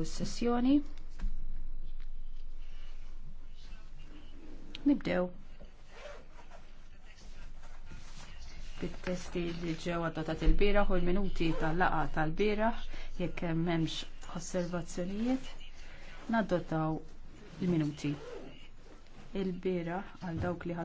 u s-sessjoni. Nibdew. Bit-testi li ġew adottat il-biraħ u l-minuti tal-laqa tal-biraħ jekk m'hemmx osservazzjonijiet nadottaw il-minuti. Il-biraħ għal dawk li